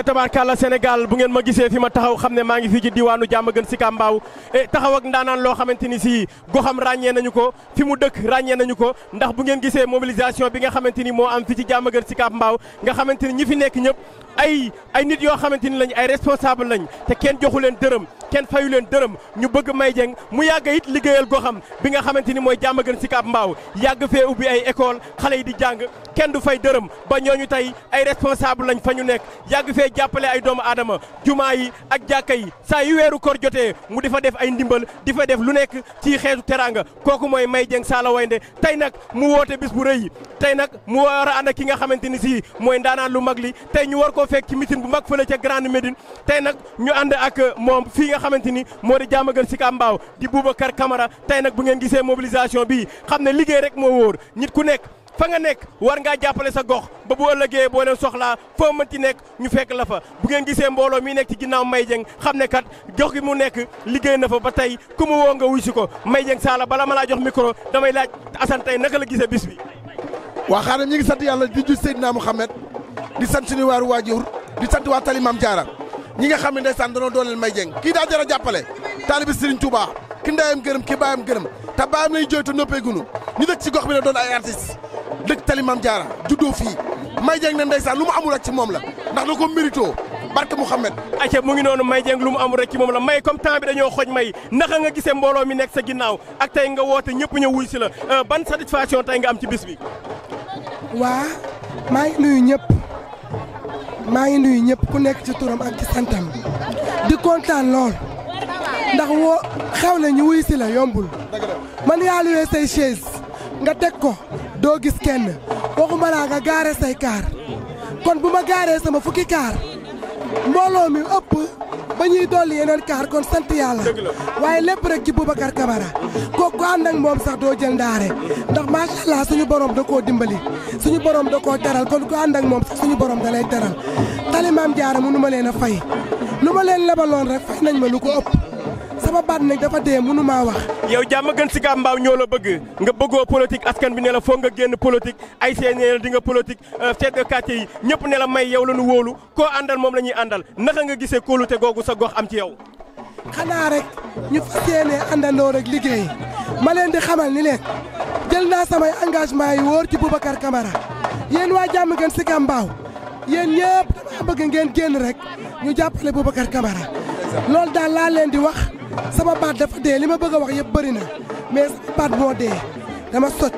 gisee tabarkàlla Sénégal bu ngeen ma gisee fi ma taxaw xam ne maa ngi fii ci diwaanu jàmm gën si kàmbaaw eh, taxaw ak ndaanaan loo xamante ni si goxam ràññee nañu ko fi mu dëkk ràññee nañu ko ndax bu ngeen gisee mobilisation bi nga xamante ni moo am fi ci jàmm gën si kàmbaaw nga xamante ni ñi fi nekk ñëpp ay ay nit yoo xamante ni lañ ay responsable lañ te kenn joxu leen dërëm ken fayu len deureum ñu bëgg may jeng mu yàgg it go xam bi nga xamanteni moy jamm gën ci cap Mbaaw yàgg fe ubi ay école xalé yi di jang ken du fay deureum ba ñoñu tay ay responsable lañ fañu ñu nekk yàgg fee jàppale ay doomu adama juma yi ak jàkka yi sa yu wéru koor jotee mu difa def ay ndimbal difa def lu nekk ci xeetu teraanga kooku mooy Mbaye Dieng Saala Waynde tay nak mu woté bis bu reuy tay nak mu wara and ak ki nga xamanteni si moy ndana lu magli tay ñu war ko fekk ci mitin bu mag fele ci Grande medine tay nak ñu and ak mom fi nga xamante ni moo di Diamaguène si Mbao di Boubacar Camara tey nag bu ngeen gisee mobilisation bi xam ne liggéey rek moo wóor nit ku nekk fa nga nekk war ngaa jàppale sa gox ba bu ëllëgee boo leen soxlaa foo ci nekk ñu fekk la fa bu ngeen gisee mbooloo mi nekk ci ginnaaw Mbaye Dieng xam ne kat gox gi mu nekk liggéey na fa ba tey ku mu woo nga wuy si ko Mbaye Dieng Sala bala ma laa jox micro damay laaj Assane tey naka la gisee bis bi. waa xaaral ñu ngi sant yàlla di ju Seydina Mouhamed di sant suñu waaru waajur di sant waa Tali Mame ñi nga xam ne ndeysaan danoo dooleel Mbaye Dieng kii daa jar a jàppale taalibi Serigne Touba ki ndeyam gërëm ki baayam gërëm te baayam lay jooy te noppeegunu ñu dëkk ci gox bi ne doon ay artiste dëkk tali Mame Diarra juddoo fii Mbaye Dieng ne ndeysaan lu mu amul rek ci moom la ndax da ko mérito barke Mouhamed aca mu ngi noonu Mbaye Dieng lu mu amul rek ci moom la may comme temps bi dañoo xooj may naka nga gisee mbooloo mi nekk sa ginnaaw ak tey nga woote ñëpp ñëw wuy si la euh, ban satisfaction tey am ci bis bi waa maa ngi nuyu maa ngi nuyu ñëpp ku nekk ci turam ak ci santam di kontaan lool ndax woo xew na ñu wuy si la yombul man yaa luwee say chaise nga teg ko doo gis kenn waxuma laa nga gaare say kaar kon bu ma gaaree sama fukki kaar mbooloo mi ëpp ba ñuy dolli yeneen kaar kon sant yàlla waaye lépp rek ci Boubacar Camara kooku ànd ak moom sax doo jël ndaare ndax macha allah suñu borom da koo dimbali suñu borom da koo teral kon ku ànd ak moom sax suñu borom da lay teral tali maam jaara mënu leen a fay lu ma leen lebaloon rek fay nañ ma lu ko sama baat nag dafa dee mënu maa wax. yow jàmm gën si gàmbaaw ñoo la bëgg nga bëggoo politique askan bi ne la foog nga génn politique ay see ne la di nga politique euh, chef de quartier yi ñëpp ne la may yow la ñu wóolu koo àndal moom la ñuy àndal naka nga gisee kóolute googu sa gox am ci yaw xanaa rek ñu fas yéene àndandoo rek liggéey ma leen di xamal ni leen jël naa samay engagement yi wóor ci Boubacar Camara yéen waa jàmm gën si gàmbaaw yéen ñëpp damaa bëgg ngeen génn rek ñu jàppale Boubacar Camara sama baat dafa dee li ma bëgg a wax yëpp bëri na mais sama baat moo dee dama socc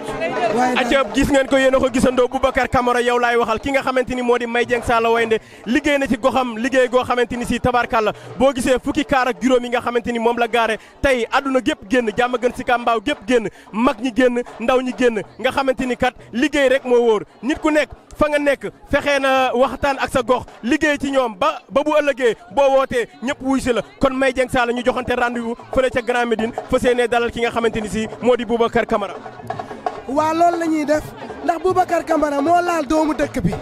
waaye acca gis ngeen ko yéen a ko gisandoo Boubacar Camara yow laay waxal ki nga xamante ni moo di Mbaye Dieng Saala Waynde liggéey na ci goxam liggéey goo xamante ni si tabarkàlla boo gisee fukki kaar ak juróom yi nga xamante ni moom la gaare tey àdduna gépp génn jàmm gën si kàmbaaw gépp génn mag ñi génn ndaw ñi génn nga xamante ni kat liggéey rek moo wóor nit ku nekk fa nga nekk fexee na waxtaan ak sa gox liggéey ci ñoom ba ba bu ëllëgee boo wootee ñëpp wuy si la kon Mbaye Dieng Saala ñu joxante rendez-vous fële ca Grand Médine fa seenee dalal ki nga xamante ni si moo di Boubacar Camara. waa loolu la ñuy def ndax Boubacar Camara moo laal doomu dëkk bi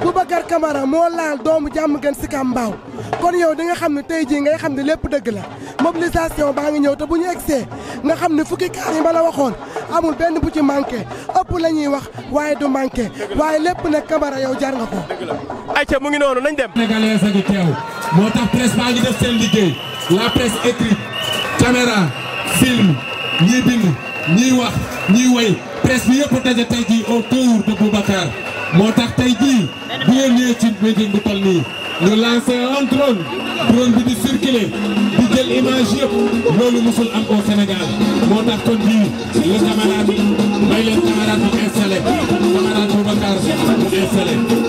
Boubacar Camara moo laal doomu jàmm gën si Kambaaw kon yow di nga xam ne tey jii ngay xam ne lépp dëgg la mobilisation baa ngi ñëw te bu ñu see nga xam ne fukki kaar yi ma la waxoon. amul benn bu ci manqué ëpp la ñuy wax waaye du manqué waaye lépp nag Camara yow jar nga ko. ayca mu ngi noonu nañ dem. sénégalais a ngi teew moo tax presse baa ngi def seen liggéey la presse écrite caméra film ñii bind ñii wax ñii way presse bi yëpp daje tey jii autour de Boubacar moo tax tey jii bu ngeen ñëwee ci meeting bu Nous lancé un drone drone qui di circuler di jël image nous loolu musul am au Sénégal Mon tax kon bii les camarades may leen camarade bu installé camarade Boubacar bu installé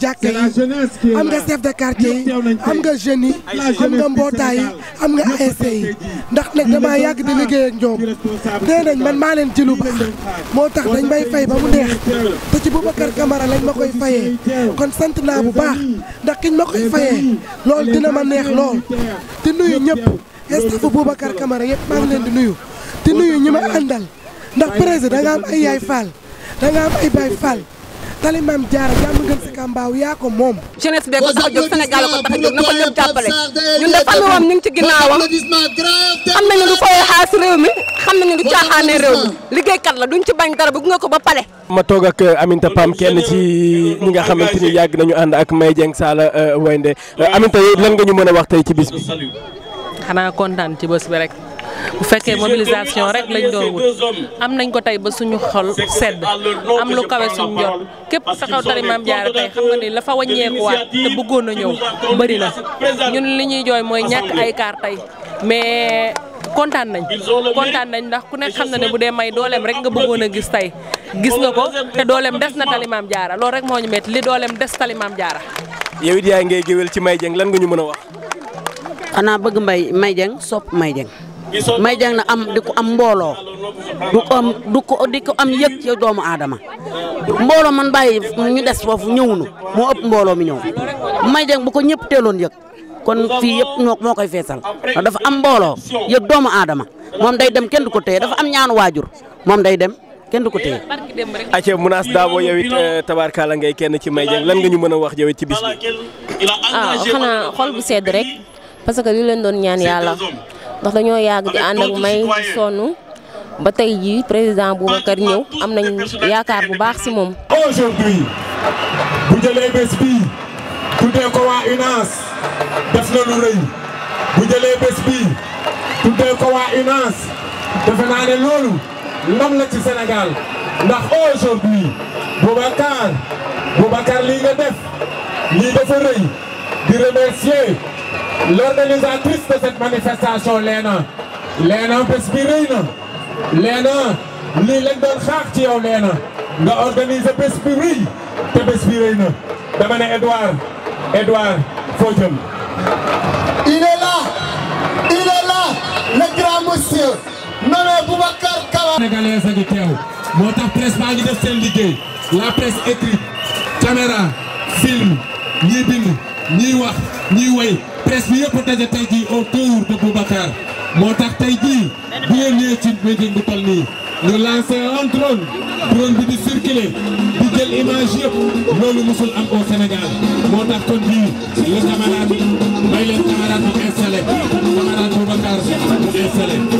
jàkka yi am nga chef de quartier yi am nga jeunes yi am nga mbootaay yi am nga ASC yi ndax nag damaa yàgg di liggéey ak ñoom nee nañ man maa leen ci lu moo tax dañ may fay ba mu neex te ci Boubacar Camara lañ ma koy fayee kon sant naa bu baax ndax kiñ ma koy fayee loolu dina ma neex lool di nuyu ñëpp staff Boubacar Camara yëpp maa ngi leen di nuyu di nuyu ñi ma àndal ndax président da nga am ay yaay faal da am ay baay faal tali maam jaara jàmm gën si kàmbaaw yaa ko moom. jeunesse bee ko tax a jóg Sénégal ko tax a jóg na ko ñëpp jàppale ñun de famille am ñu ngi ci ginnaawam xam nañu du fooy xaas réew mi xam nañu du caaxaanee réew mi liggéeykat la duñ ci bañ dara bëgg nga ko ba pale. ma toog ak euh, Aminta Pam kenn ci ñi nga xamante ni yàgg nañu ànd ak May saala Sala euh, Waynde euh, Aminta lan nga ñu mën a wax tey ci bis xanaa kontaan ci bés bi rek. bu fekkee mobilisation rek lañ doon wut am nañ ko tey ba suñu xol sedd am lu kawe suñu njot képp taxaw tari maam jaara tey xam nga ni la fa wàññeekuwaat te bëggoon a ñëw bëri na ñun li ñuy jooy mooy ñàkk ay kaar tey mais kontaan nañ kontaan nañ ndax ku nekk xam na ne bu dee may dooleem rek nga bëggoon a gis tey gis nga ko te dooleem des na talimaam jaara loolu rek moo ñu metti li dooleem des talimaam jaara yow it yaay ngay géwél ci May Dieng lan nga ñu mën a wax xanaa bëgg mbay May Dieng sopp may jàng na am di ko am mbooloo du ko di ko am yëg ci doomu aadama mbooloo man bàyyi ñu des foofu ñëwunu moo ëpp mbooloo mi ñëw may jàng bu ko ñëpp teeloon yëg kon fii yëpp moo koy feesal dafa am mbooloo yëg doomu aadama moom day dem kenn du ko téye dafa am ñaanu waajur moom day dem kenn du ko téye. acca Mounass Dabo yow it eh, tabaarkaala ngay kenn ci may jàng lan nga ñu mën a wax yow it ci bis bi. ah xanaa bu sedd rek parce que li leen doon ñaan yàlla. ndax dañoo yàgg di ànd ak may sonn ba tey jii président Boubacar ñëw am nañ yaakaar bu baax ci moom. aujourd'hui bu jëlee bés bii tuddee ko waa UNAS def naa ne loolu ndam la ci Sénégal ndax aujourd'hui Boubacar Boubacar lii nga def lii dafa rëy di remercier. L'organisateur de cette manifestation Léna Léna bés bi rëy Léna lii lañ doon xaar Léna nga organiser bés bi rëy dama Edouard Edouard foo il est là il est là le grand monsieur nommé Boubacar Kaba. sénégalais a ngi teew moo tax presse baa ngi def seen liggéey la presse écrite caméra film ñiy bind ñiy wax ñiy woy. presse bi yëpp daje tey jii autour de Boubacar moo tax tey jii bu ngeen ñëwee ci meeting bu toll ñu lancé un drone bi di circuler di jël image yëpp loolu musul am au Sénégal moo tax kon bii le camarade may leen camarade mu installé camarade Boubacar mu installé.